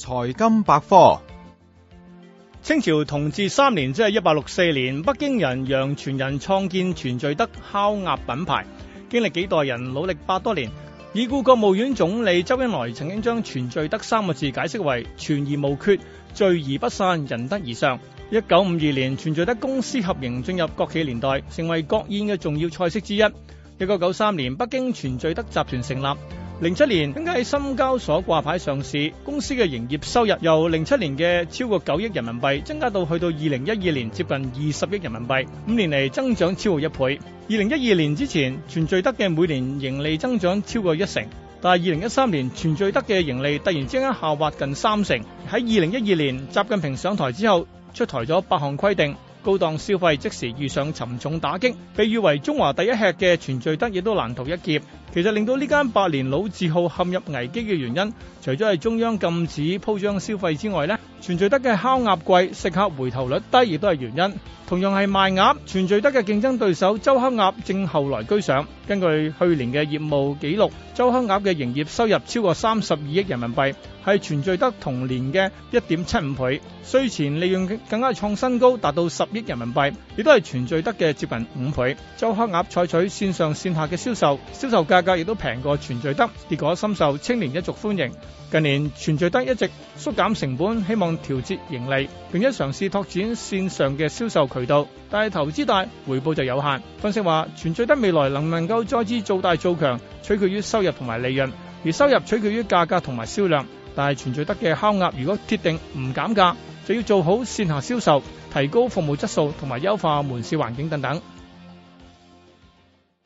財金百科，清朝同治三年即係一八六四年，北京人楊全仁創建全聚德烤鴨品牌，經歷幾代人努力，百多年。已故國務院總理周恩來曾經將全聚德三個字解釋為全而無缺，聚而不散，仁德而上。一九五二年，全聚德公私合營進入國企年代，成為國宴嘅重要菜式之一。一九九三年，北京全聚德集團成立。零七年，應該喺深交所掛牌上市，公司嘅營業收入由零七年嘅超過九億,億人民幣，增加到去到二零一二年接近二十億人民幣。五年嚟增長超過一倍。二零一二年之前，全聚德嘅每年盈利增長超過一成，但係二零一三年全聚德嘅盈利突然之間下，下滑近三成。喺二零一二年，習近平上台之後，出台咗八項規定，高檔消費即時遇上沉重打擊，被譽為中華第一吃嘅全聚德亦都難逃一劫。其實令到呢間百年老字號陷入危機嘅原因，除咗係中央禁止鋪張消費之外呢，全聚德嘅烤鴨貴、食客回頭率低亦都係原因。同樣係賣鴨，全聚德嘅競爭對手周黑鴨正後來居上。根據去年嘅業務記錄，周黑鴨嘅營業收入超過三十二億人民幣，係全聚德同年嘅一點七五倍，稅前利潤更加創新高，達到十億人民幣，亦都係全聚德嘅接近五倍。周黑鴨採取線上線下嘅銷售，銷售價。價格亦都平過全聚德，結果深受青年一族歡迎。近年全聚德一直縮減成本，希望調節盈利，並且嘗試拓展線上嘅銷售渠道。但係投資大，回報就有限。分析話，全聚德未來能唔能夠再次做大做強，取決於收入同埋利潤，而收入取決於價格同埋銷量。但係全聚德嘅烤鴨如果決定唔減價，就要做好線下銷售，提高服務質素同埋優化門市環境等等。